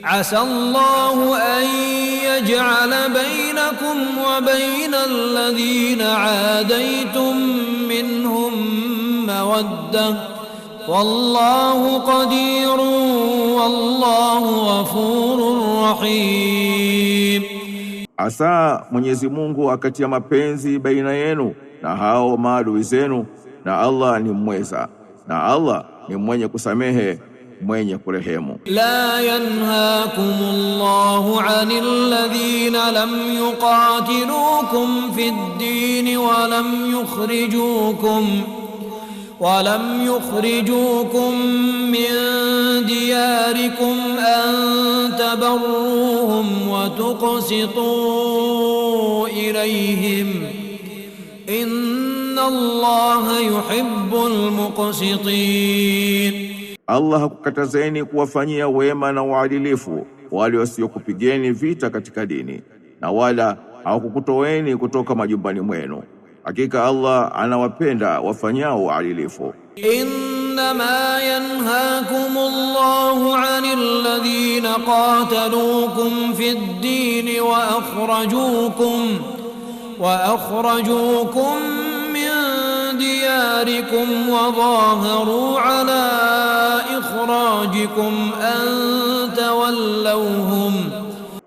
Asa Allahu an yaj'ala bainakum wa bainal ladhina 'adaytum minhum mawaddah wallahu qadirun wallahu ghafurur rahim, asa Mwenyezi Mungu akatia mapenzi baina yenu na hao maadui zenu, na Allah ni mweza, na Allah ni mwenye kusamehe mwenye kurehemu. La yanhakum Allah anil ladhina lam yuqatilukum fid din wa lam yukhrijukum ولم يخرجوكم من دياركم أن تبروهم وتقسطوا إليهم إن الله يحب المقسطين Allah hakukatazeni kuwafanyia wema na uadilifu wale wasiokupigeni vita katika dini na wala hawakukutoweni kutoka majumbani mwenu. Hakika Allah anawapenda wafanyao uadilifu. Innama Allahu anil ladhina qatalukum fid dini wa akhrajukum wa akhrajukum min diyarikum wa dhaharu ala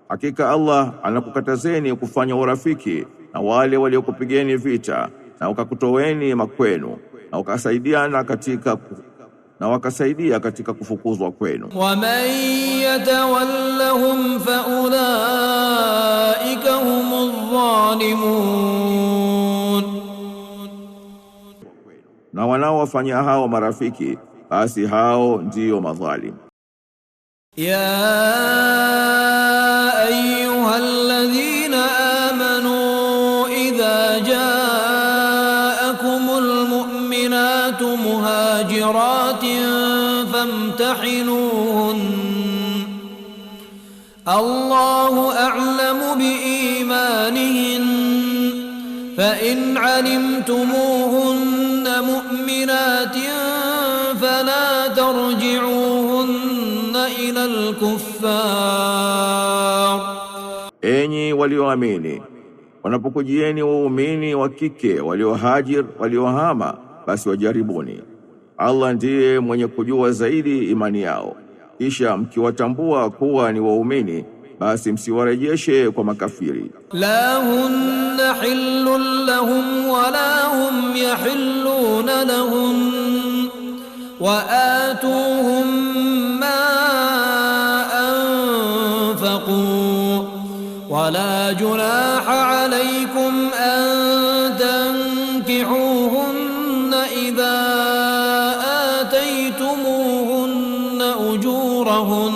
hakika Allah anakukatazeni kufanya urafiki na wale waliokupigeni vita na wakakutoweni makwenu na ukasaidiana katika na wakasaidia katika kufukuzwa kwenu. waman yatawallahum fa ulaika humuz zalimun, na wanaowafanyia hao marafiki basi hao ndio madhalim Ya ayyuhalladhina amanu idha ja'akumul mu'minatu muhajiratin famtahinuhun Allahu الله أعلم fa in 'alimtumuhunna mu'minatin فلا tarji'uhunna ila al-kuffar, enyi walioamini wanapokujieni waumini wa kike waliohajir waliohama, basi wajaribuni. Allah ndiye mwenye kujua zaidi imani yao. Kisha mkiwatambua kuwa ni waumini basi msiwarejeshe kwa makafiri. la hunna hillun lahum wala hum yahilluna lahum وآتوهم ما أنفقوا ولا جناح عليكم أن تنكحوهن إذا آتيتموهن أجورهن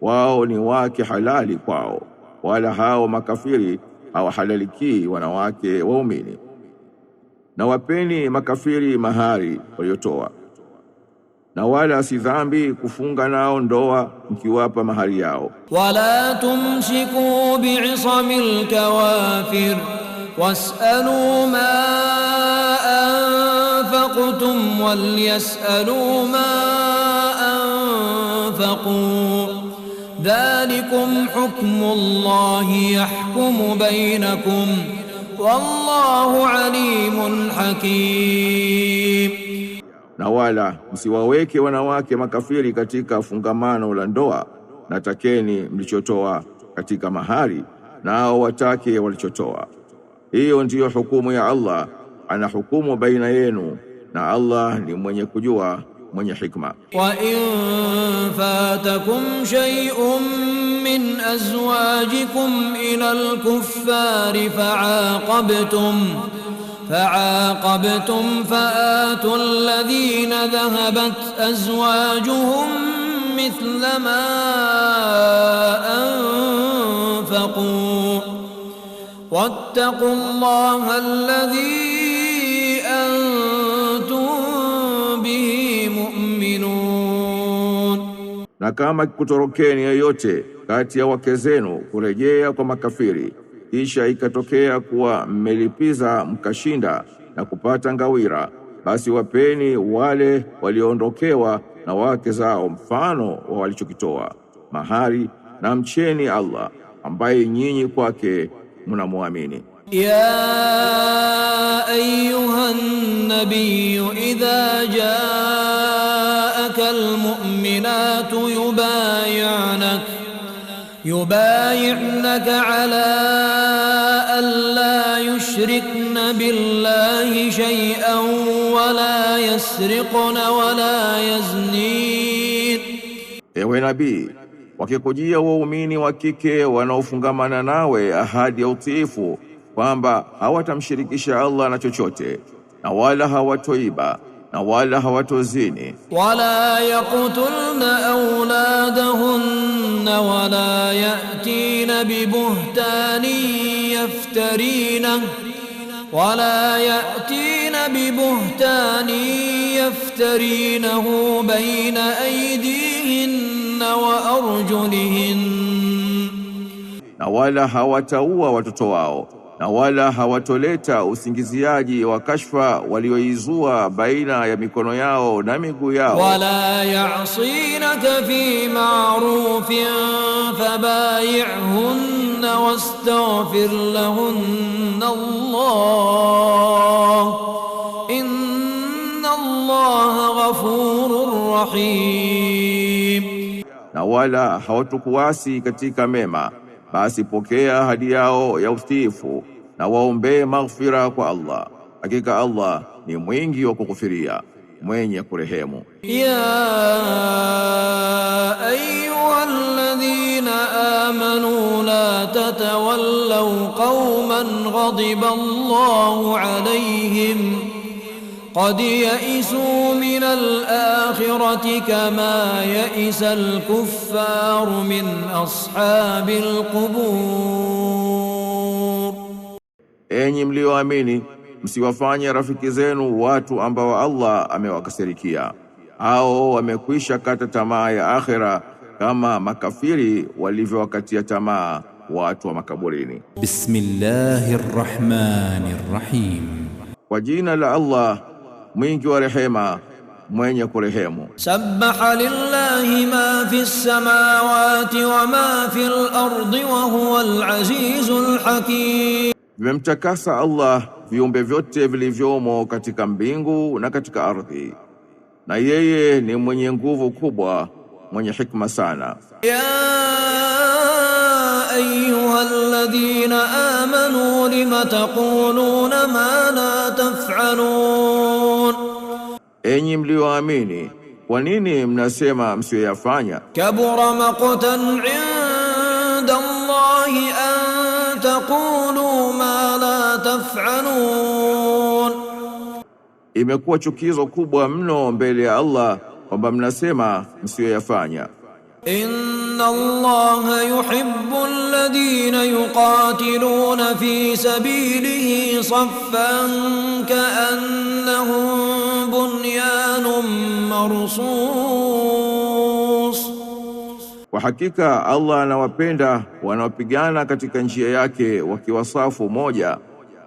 wao ni wake halali kwao wala hao makafiri hawahalaliki wanawake waumini na wapeni makafiri mahari waliotoa, na wala si dhambi kufunga nao ndoa mkiwapa mahari yao. wala tumshiku bi'isamil kawafir wasalu ma anfaqtum walyasalu ma anfaqu dhalikum hukmu Allahi yahkumu bainakum wallahu alimun hakim. Na wala msiwaweke wanawake makafiri katika fungamano la ndoa, na takeni mlichotoa katika mahari, nao watake walichotoa. Hiyo ndiyo hukumu ya Allah, ana hukumu baina yenu, na Allah ni mwenye kujua mwenye hikma. Wa in fatakum shay'un min azwajikum ila al-kuffari fa'aqabtum fa'aqabtum fa'atu alladhina dhahabat azwajuhum mithla ma anfaqu واتقوا الله الذي Na kama kikutorokeni yoyote kati ya wake zenu kurejea kwa makafiri, kisha ikatokea kuwa mmelipiza mkashinda na kupata ngawira, basi wapeni wale walioondokewa na wake zao mfano wa walichokitoa mahari, na mcheni Allah ambaye nyinyi kwake mnamwamini. ya ayuha nabiyu idha jaa المؤمنات يبايعنك يبايعنك على ألا يشركن بالله شيئا ولا يسرقن ولا يزنين Ewe nabii wakikujia waumini wa kike wanaofungamana nawe ahadi ya utiifu kwamba hawatamshirikisha Allah na chochote na wala hawatoiba na wala hawatozini. Wala yaqtulna auladahunna wala yatina bibuhtani yaftarina wala yatina bibuhtani yaftarinahu baina aydihinna wa arjulihinna, na wala hawataua watoto wao na wala hawatoleta usingiziaji wa kashfa walioizua baina ya mikono yao na miguu yao. wala ya'sinaka fi ma'rufin fabayi'hunna wastaghfir lahunna Allah inna Allah ghafurur rahim, na wala hawatukuasi katika mema basi pokea hadi yao ya ustifu na waombee maghfira kwa Allah. Hakika Allah ni mwingi wa kukufiria mwenye kurehemu. ya ayyuhalladhina amanu la tatawallaw qauman ghadiba Allahu alayhim قد يئسوا من الآخرة كما يئس الكفار من أصحاب القبور Enyi mlioamini msiwafanye rafiki zenu watu ambao Allah amewakasirikia au wamekwisha kata tamaa ya akhera kama makafiri walivyowakatia tamaa watu wa makaburini. Bismillahir Rahmanir Rahim, kwa jina la Allah mwingi wa rehema, mwenye kurehemu. Sabbaha lillahi ma fi samawati wa ma fi al-ardi wa huwa al-azizul hakim, vimemtakasa Allah viumbe vyote vilivyomo katika mbingu na katika ardhi, na yeye ni mwenye nguvu kubwa, mwenye hikma sana ya الذين آمنوا لم تقولون ma la taf'alun, enyi mlioamini kwa nini mnasema msiyoyafanya? Kabura maqtan inda Allahi an taqulu ma la taf'alun, imekuwa chukizo kubwa mno mbele ya Allah kwamba mnasema msiyoyafanya. Inna Allaha yuhibbu alladhina yuqatiluna fi sabilihi saffan ka'annahum bunyanun marsus, kwa hakika Allah anawapenda wanaopigana katika njia yake wakiwa safu moja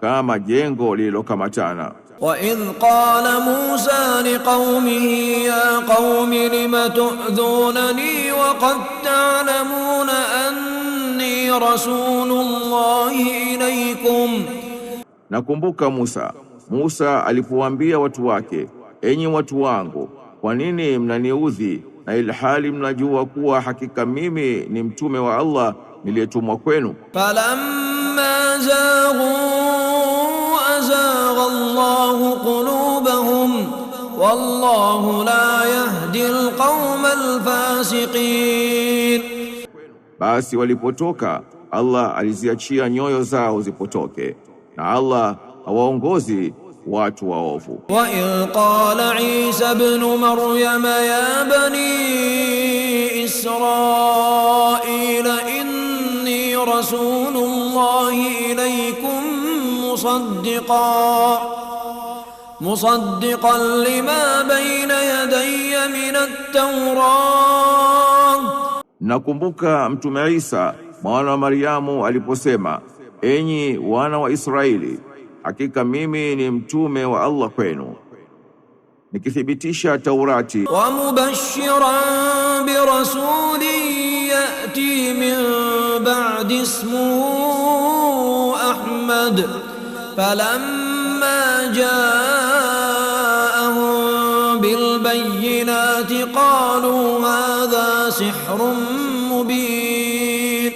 kama jengo lililokamatana. وإذ قال موسى لقومه يا قوم لم تؤذونني وقد تعلمون أني رسول الله إليكم Nakumbuka Musa. Musa alipowaambia watu wake, enyi watu wangu, kwa nini mnaniudhi na ilhali mnajua kuwa hakika mimi ni mtume wa Allah niliyetumwa kwenu? falamma zaghu الله قلوبهم والله la yahdi alqauma alfasiqin, basi walipotoka Allah aliziachia nyoyo zao zipotoke na Allah hawaongozi watu waovu. wa in qala Isa ibn Maryam ya bani Israila inni rasulullah ilaykum musaddiqan مصدقا لما بين يدي min التوراة Nakumbuka Mtume Isa mwana wa Mariamu aliposema, enyi wana wa Israeli, hakika mimi ni mtume wa Allah kwenu, nikithibitisha Taurati. wa mubashiran bi rasuli yati min ba'di ismuhu Ahmad falamma jaa قالوا hadha sihrun mubin,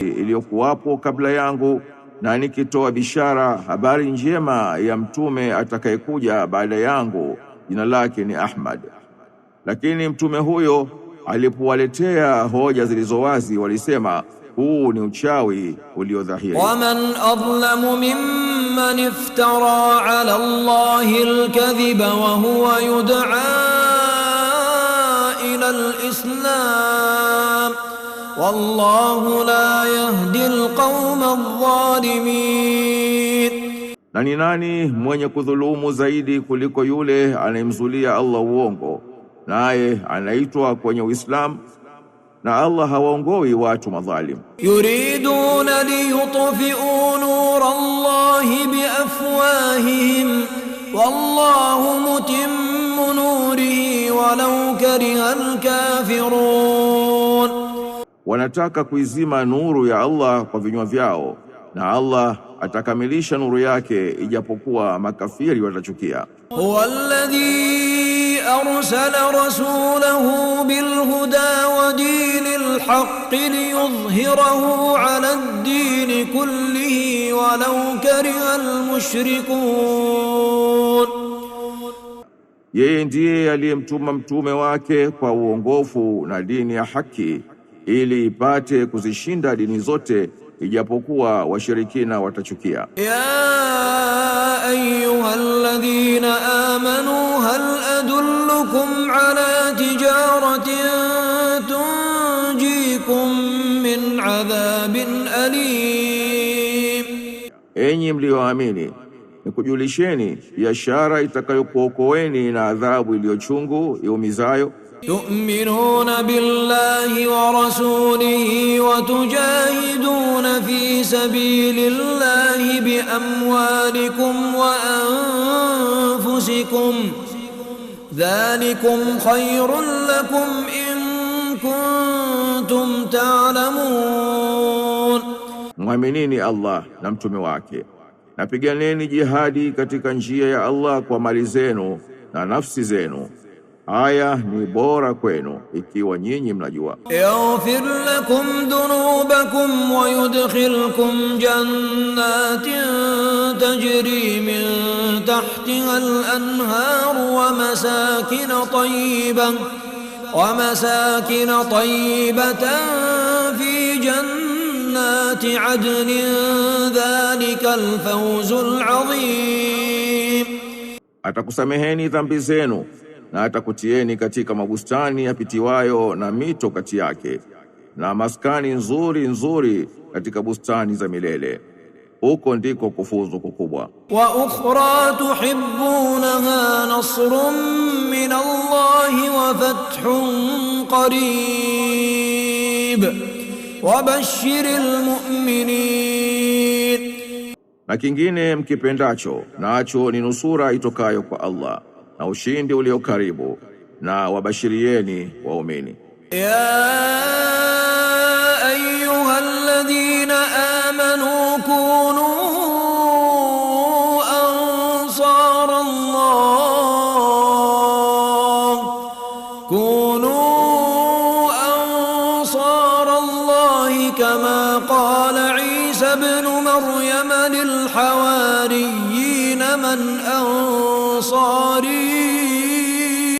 iliyokuwapo kabla yangu na nikitoa bishara habari njema ya mtume atakayekuja baada yangu, jina lake ni Ahmad. Lakini mtume huyo alipowaletea hoja zilizo wazi, walisema huu ni uchawi uliodhahiri. waman adlamu mimman iftara ala Allahi alkadhiba wa huwa yud'a على الإسلام والله لا يهدي القوم الظالمين na ni nani mwenye kudhulumu zaidi kuliko yule anayemzulia Allah uongo naye anaitwa kwenye Uislamu na Allah hawaongoi watu madhalim. yuriduna liyutfi'u nura Allahi biafwahihim wallahu mutim ولو كره الكافرون wanataka kuizima nuru ya Allah kwa vinywa vyao na Allah atakamilisha nuru yake ijapokuwa makafiri watachukia walladhi arsala rasulahu bilhuda wa dinil haqqi liyudhhirahu ala ad-din kullihi walau kariha al-mushrikun Yeye ndiye aliyemtuma mtume wake kwa uongofu na dini ya haki ili ipate kuzishinda dini zote ijapokuwa washirikina watachukia. ya alladhina amanu hal adullukum ala tijaratin tunjikum min adhabin alim, enyi mlioamini nikujulisheni biashara itakayokuokoeni na adhabu iliyochungu iumizayo. tu'minuna billahi wa rasulihi wa tujahiduna fi sabilillahi bi amwalikum wa anfusikum dhalikum khayrun lakum in kuntum ta'lamun, mwaminini Allah na mtume wake napiganeni jihadi katika njia ya Allah kwa mali zenu na nafsi zenu. Haya ni bora kwenu ikiwa nyinyi mnajua. Yaghfir lakum dhunubakum wa yudkhilkum jannatin tajri min tahtiha al-anhar wa masakin tayyiban wa masakin tayyibatan fi jannatin جنات عدن ذلك الفوز العظيم atakusameheni dhambi zenu na atakutieni katika mabustani yapitiwayo na mito kati yake na maskani nzuri nzuri katika bustani za milele huko ndiko kufuzu kukubwa. wa ukhra tuhibbunaha nasrun min Allah wa fathun qarib wabashiril mu'minin, na kingine mkipendacho nacho ni nusura itokayo kwa Allah na ushindi ulio karibu, na wabashirieni waumini. ya ayyuhalladhina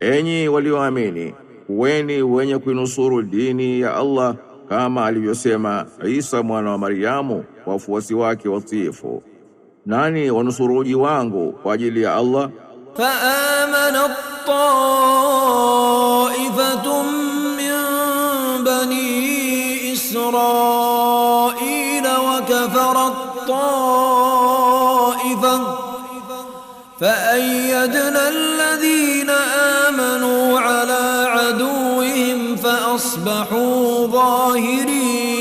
Enyi walioamini, kuweni wenye kuinusuru dini ya Allah kama alivyosema Isa mwana wa Maryamu kwa wafuasi wake watiifu, nani wanusuruji wangu kwa ajili ya Allah? fa amana taifatun min bani Israila wa kafarat فأيدنا الذين آمنوا على عدوهم فأصبحوا ظاهرين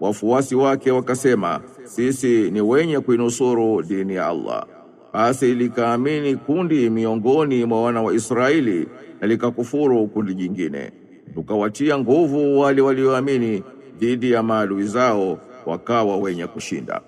wafuasi wake wakasema sisi ni wenye kuinusuru dini ya Allah basi likaamini kundi miongoni mwa wana wa Israeli na likakufuru kundi jingine tukawatia nguvu wale walioamini dhidi ya maadui zao wakawa wenye kushinda